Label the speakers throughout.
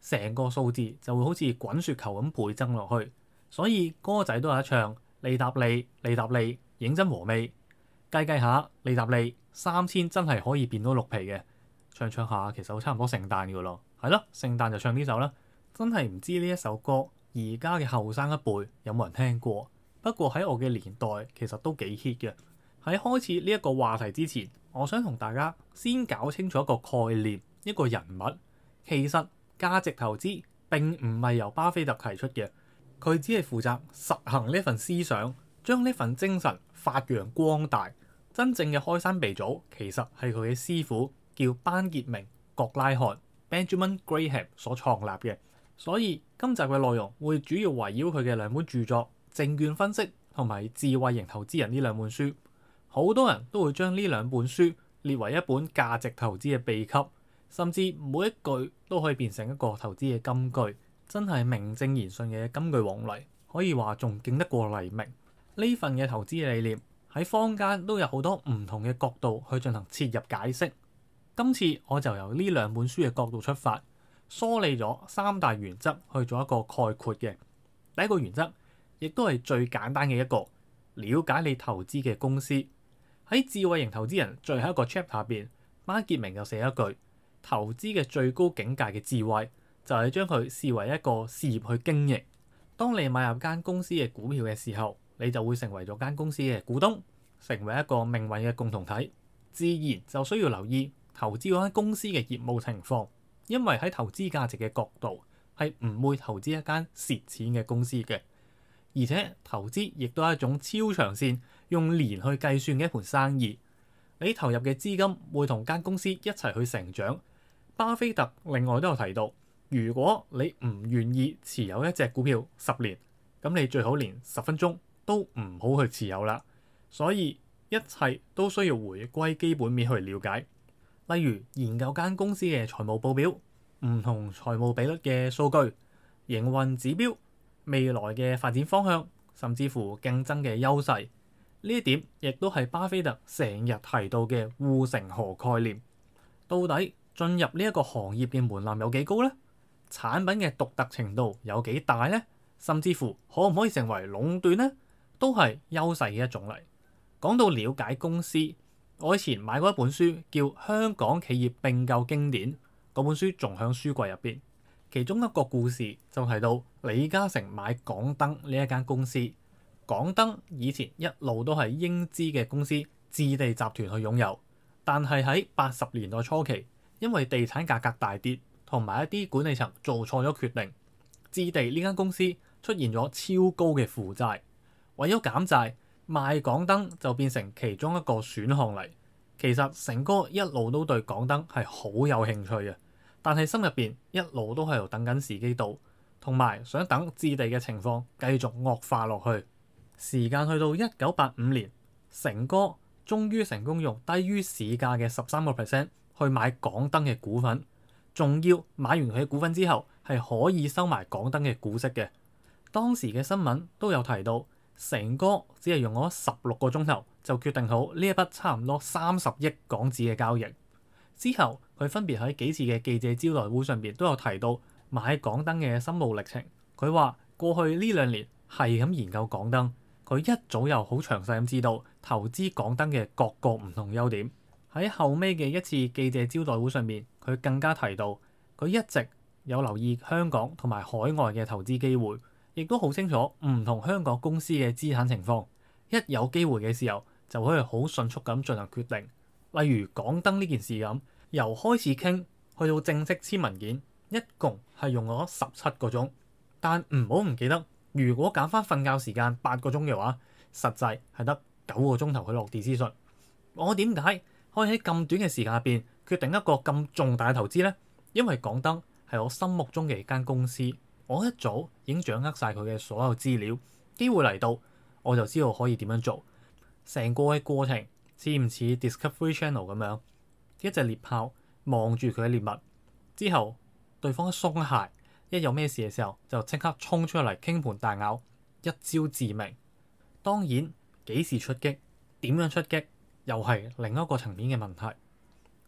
Speaker 1: 成個數字就會好似滾雪球咁倍增落去，所以歌仔都有得唱。利達利利達利，認真和味，計計下利達利三千真係可以變到六皮嘅，唱唱下，其實差唔多聖誕噶咯。係咯，聖誕就唱呢首啦。真係唔知呢一首歌而家嘅後生一輩有冇人聽過，不過喺我嘅年代其實都幾 hit 嘅。喺開始呢一個話題之前，我想同大家先搞清楚一個概念，一個人物其實。價值投資並唔係由巴菲特提出嘅，佢只係負責實行呢份思想，將呢份精神發揚光大。真正嘅開山鼻祖其實係佢嘅師傅，叫班傑明·葛拉漢 （Benjamin Graham） 所創立嘅。所以今集嘅內容會主要圍繞佢嘅兩本著作《證券分析》同埋《智慧型投資人》呢兩本書。好多人都會將呢兩本書列為一本價值投資嘅秘笈。甚至每一句都可以變成一個投資嘅金句，真係名正言順嘅金句王嚟，可以話仲勁得過黎明。呢份嘅投資理念喺坊間都有好多唔同嘅角度去進行切入解釋。今次我就由呢兩本書嘅角度出發，梳理咗三大原則去做一個概括嘅。第一個原則，亦都係最簡單嘅一個，了解你投資嘅公司。喺智慧型投資人最後一個 chapter 下邊，班傑明就寫一句。投資嘅最高境界嘅智慧，就係將佢視為一個事業去經營。當你買入間公司嘅股票嘅時候，你就會成為咗間公司嘅股東，成為一個命運嘅共同體。自然就需要留意投資嗰間公司嘅業務情況，因為喺投資價值嘅角度，係唔會投資一間蝕錢嘅公司嘅。而且投資亦都係一種超長線，用年去計算嘅一盤生意。你投入嘅資金會同間公司一齊去成長。巴菲特另外都有提到，如果你唔願意持有一隻股票十年，咁你最好連十分鐘都唔好去持有啦。所以一切都需要回歸基本面去了解，例如研究間公司嘅財務報表、唔同財務比率嘅數據、營運指標、未來嘅發展方向，甚至乎競爭嘅優勢。呢一點亦都係巴菲特成日提到嘅護城河概念。到底，進入呢一個行業嘅門檻有幾高呢？產品嘅獨特程度有幾大呢？甚至乎可唔可以成為壟斷呢？都係優勢嘅一種嚟。講到了解公司，我以前買過一本書叫《香港企業並購經典》，嗰本書仲喺書櫃入邊。其中一個故事就提到李嘉誠買港燈呢一間公司。港燈以前一路都係英資嘅公司，置地集團去擁有，但係喺八十年代初期。因為地產價格大跌，同埋一啲管理層做錯咗決定，置地呢間公司出現咗超高嘅負債，為咗減債，賣港燈就變成其中一個選項嚟。其實成哥一路都對港燈係好有興趣嘅，但係心入邊一路都喺度等緊時機到，同埋想等置地嘅情況繼續惡化落去。時間去到一九八五年，成哥終於成功用低於市價嘅十三個 percent。去買港燈嘅股份，仲要買完佢嘅股份之後，係可以收埋港燈嘅股息嘅。當時嘅新聞都有提到，誠哥只係用咗十六個鐘頭就決定好呢一筆差唔多三十億港紙嘅交易。之後佢分別喺幾次嘅記者招待會上邊都有提到買港燈嘅心路歷程。佢話過去呢兩年係咁研究港燈，佢一早又好詳細咁知道投資港燈嘅各個唔同優點。喺後尾嘅一次記者招待會上面，佢更加提到佢一直有留意香港同埋海外嘅投資機會，亦都好清楚唔同香港公司嘅資產情況。一有機會嘅時候，就可以好迅速咁進行決定。例如港燈呢件事咁，由開始傾去到正式簽文件，一共係用咗十七個鐘。但唔好唔記得，如果減返瞓覺時間八個鐘嘅話，實際係得九個鐘頭去落地諮詢。我點解，可以喺咁短嘅時間入邊決定一個咁重大嘅投資呢？因為港燈係我心目中嘅一間公司，我一早已經掌握晒佢嘅所有資料，機會嚟到我就知道可以點樣做。成個嘅過程似唔似 Discovery Channel 咁樣，一隻獵豹望住佢嘅獵物之後，對方一鬆懈一有咩事嘅時候就即刻衝出嚟傾盆大咬，一招致命。當然幾時出擊，點樣出擊？又係另一個層面嘅問題，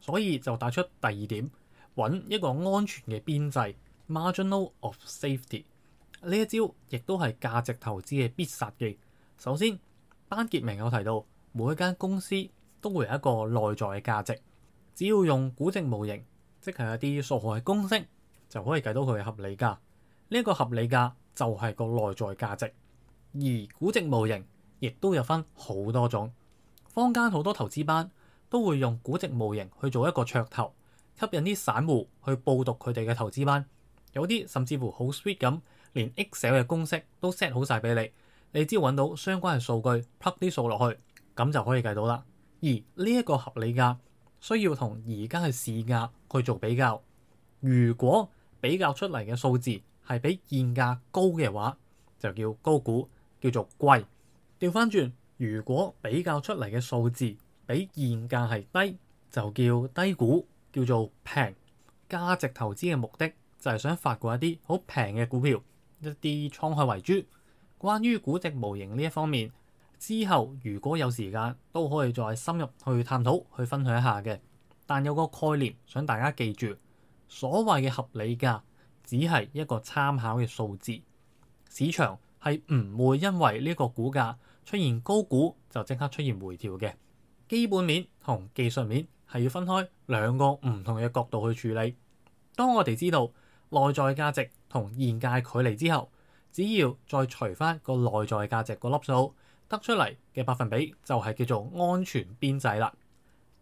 Speaker 1: 所以就帶出第二點，揾一個安全嘅邊際 （marginal of safety）。呢一招亦都係價值投資嘅必殺技。首先，班傑明有提到，每一間公司都會有一個內在嘅價值，只要用估值模型，即係一啲數學嘅公式，就可以計到佢嘅合理價。呢、呢個合理價就係個內在價值，而估值模型亦都有分好多種。坊間好多投資班都會用估值模型去做一個噱頭，吸引啲散戶去報讀佢哋嘅投資班。有啲甚至乎好 sweet 咁，連 Excel 嘅公式都 set 好晒俾你，你只要揾到相關嘅數據，plug 啲數落去，咁就可以計到啦。而呢一個合理價需要同而家嘅市價去做比較，如果比較出嚟嘅數字係比現價高嘅話，就叫高估，叫做貴。調返轉。如果比較出嚟嘅數字比現價係低，就叫低估，叫做平。價值投資嘅目的就係想發掘一啲好平嘅股票，一啲滄海遺珠。關於估值模型呢一方面，之後如果有時間都可以再深入去探討，去分享一下嘅。但有個概念想大家記住，所謂嘅合理價只係一個參考嘅數字，市場係唔會因為呢個股價，出現高估，就即刻出現回調嘅。基本面同技術面係要分開兩個唔同嘅角度去處理。當我哋知道內在價值同現價距離之後，只要再除翻個內在價值個粒數，得出嚟嘅百分比就係叫做安全邊際啦。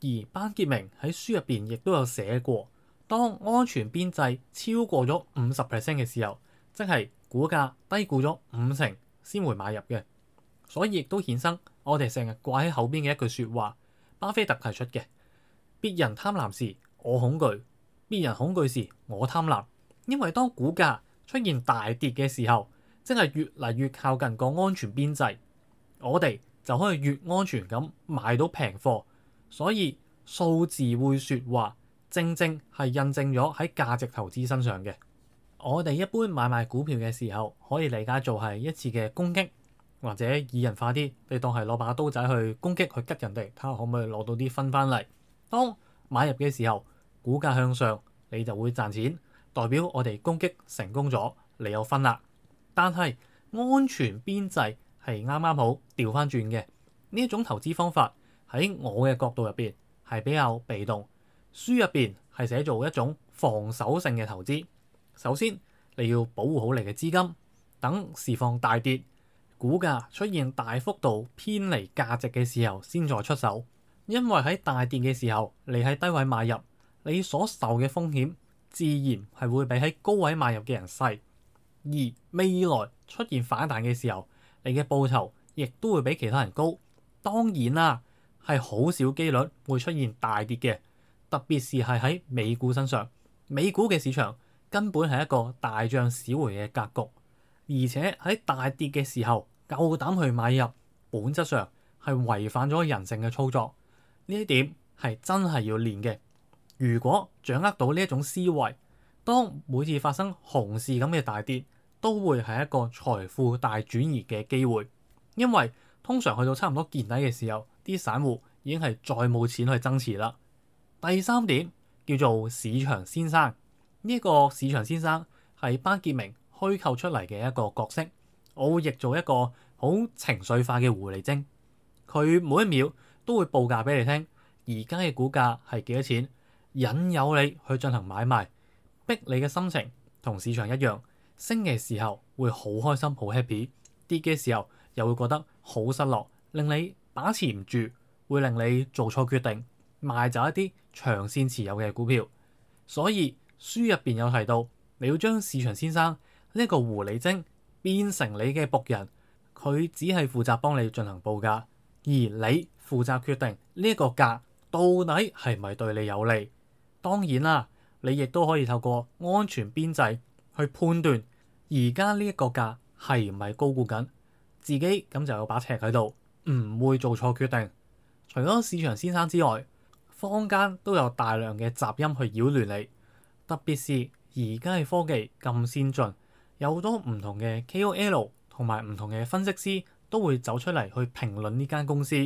Speaker 1: 而班傑明喺書入邊亦都有寫過，當安全邊際超過咗五十 percent 嘅時候，即係股價低估咗五成先會買入嘅。所以亦都衍生我哋成日掛喺後邊嘅一句說話，巴菲特提出嘅，別人貪婪時我恐懼，別人恐懼時我貪婪。因為當股價出現大跌嘅時候，即係越嚟越靠近個安全邊際，我哋就可以越安全咁買到平貨，所以數字會說話，正正係印證咗喺價值投資身上嘅。我哋一般買賣股票嘅時候，可以理解做係一次嘅攻擊。或者擬人化啲，你當係攞把刀仔去攻擊去拮人哋，睇下可唔可以攞到啲分翻嚟。當買入嘅時候，股價向上，你就會賺錢，代表我哋攻擊成功咗，你有分啦。但係，安全邊際係啱啱好掉翻轉嘅。呢一種投資方法，喺我嘅角度入邊係比較被動。書入邊係寫做一種防守性嘅投資。首先你要保護好你嘅資金，等市況大跌。股價出現大幅度偏離價值嘅時候，先再出手。因為喺大跌嘅時候，你喺低位買入，你所受嘅風險自然係會比喺高位買入嘅人細。而未來出現反彈嘅時候，你嘅報酬亦都會比其他人高。當然啦，係好少機率會出現大跌嘅，特別是係喺美股身上。美股嘅市場根本係一個大漲小回嘅格局。而且喺大跌嘅時候夠膽去買入，本質上係違反咗人性嘅操作。呢一點係真係要練嘅。如果掌握到呢一種思維，當每次發生熊市咁嘅大跌，都會係一個財富大轉移嘅機會。因為通常去到差唔多見底嘅時候，啲散戶已經係再冇錢去增持啦。第三點叫做市場先生，呢個市場先生係班傑明虛構出嚟嘅一個角色，我會譯做一個好情緒化嘅狐狸精。佢每一秒都會報價俾你聽，而家嘅股價係幾多錢，引誘你去進行買賣，逼你嘅心情同市場一樣，升嘅時候會好開心好 happy，跌嘅時候又會覺得好失落，令你把持唔住，會令你做錯決定，賣走一啲長線持有嘅股票。所以書入邊有提到，你要將市場先生。呢個狐狸精變成你嘅僕人，佢只係負責幫你進行報價，而你負責決定呢一個價到底係咪對你有利。當然啦，你亦都可以透過安全邊際去判斷而家呢一個價係唔係高估緊自己，咁就有把尺喺度，唔會做錯決定。除咗市場先生之外，坊間都有大量嘅雜音去擾亂你，特別是而家嘅科技咁先進。有好多唔同嘅 KOL 同埋唔同嘅分析師都會走出嚟去評論呢間公司，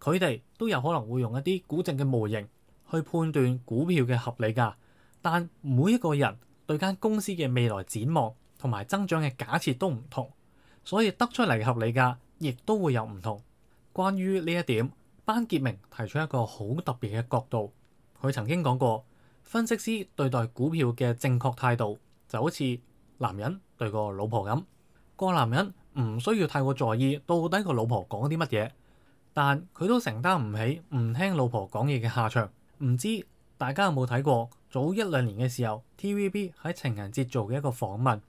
Speaker 1: 佢哋都有可能會用一啲估值嘅模型去判斷股票嘅合理價。但每一個人對間公司嘅未來展望同埋增長嘅假設都唔同，所以得出嚟嘅合理價亦都會有唔同。關於呢一點，班傑明提出一個好特別嘅角度，佢曾經講過，分析師對待股票嘅正確態度就好似男人，對個老婆咁，個男人唔需要太過在意到底個老婆講啲乜嘢，但佢都承擔唔起唔聽老婆講嘢嘅下場。唔知大家有冇睇過早一兩年嘅時候，TVB 喺情人節做嘅一個訪問，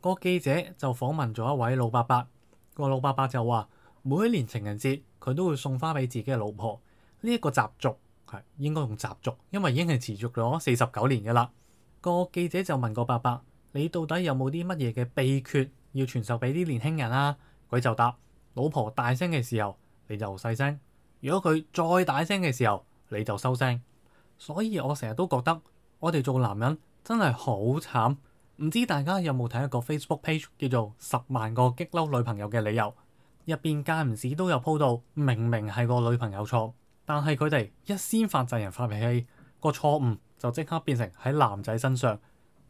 Speaker 1: 個記者就訪問咗一位老伯伯，個老伯伯就話每一年情人節佢都會送花俾自己嘅老婆，呢、這、一個習俗係應該用習俗，因為已經係持續咗四十九年㗎喇。個記者就問個伯伯。你到底有冇啲乜嘢嘅秘訣要傳授俾啲年輕人啊？佢就答：老婆大聲嘅時候你就細聲；如果佢再大聲嘅時候你就收聲。所以我成日都覺得我哋做男人真係好慘。唔知大家有冇睇一個 Facebook page 叫做《十萬個激嬲女朋友嘅理由》？入邊間唔時都有鋪到明明係個女朋友錯，但係佢哋一先發制人發脾氣，個錯誤就即刻變成喺男仔身上。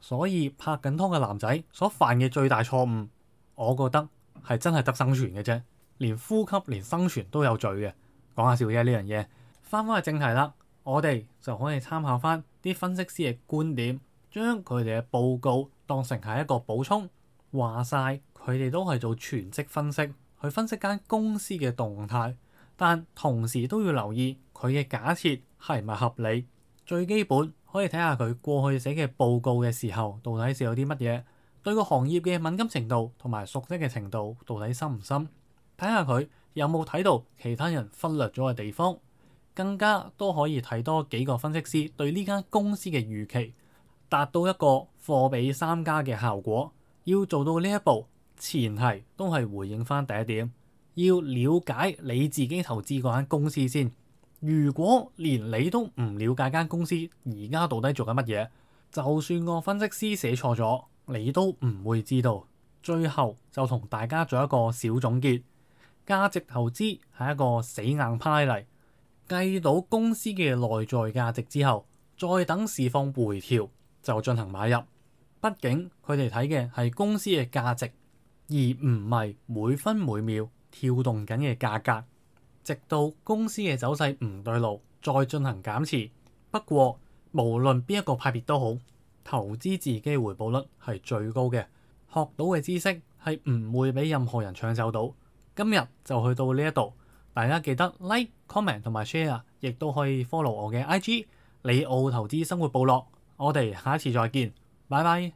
Speaker 1: 所以拍緊拖嘅男仔所犯嘅最大錯誤，我覺得係真係得生存嘅啫，連呼吸、連生存都有罪嘅。講下笑啫呢樣嘢。翻返去正題啦，我哋就可以參考翻啲分析師嘅觀點，將佢哋嘅報告當成係一個補充。話晒，佢哋都係做全職分析，去分析間公司嘅動態，但同時都要留意佢嘅假設係咪合理。最基本。可以睇下佢過去寫嘅報告嘅時候，到底寫有啲乜嘢？對個行業嘅敏感程度同埋熟悉嘅程度，到底深唔深？睇下佢有冇睇到其他人忽略咗嘅地方，更加都可以睇多幾個分析師對呢間公司嘅預期，達到一個貨比三家嘅效果。要做到呢一步，前提都係回應返第一點，要了解你自己投資嗰間公司先。如果連你都唔了解間公司而家到底做緊乜嘢，就算個分析師寫錯咗，你都唔會知道。最後就同大家做一個小總結，價值投資係一個死硬派嚟，計到公司嘅內在價值之後，再等市況回調就進行買入。畢竟佢哋睇嘅係公司嘅價值，而唔係每分每秒跳動緊嘅價格。直到公司嘅走勢唔對路，再進行減持。不過無論邊一個派別都好，投資自己回報率係最高嘅，學到嘅知識係唔會俾任何人搶走到。今日就去到呢一度，大家記得 like、comment 同埋 share，亦都可以 follow 我嘅 IG 李奧投資生活部落。我哋下一次再見，拜拜。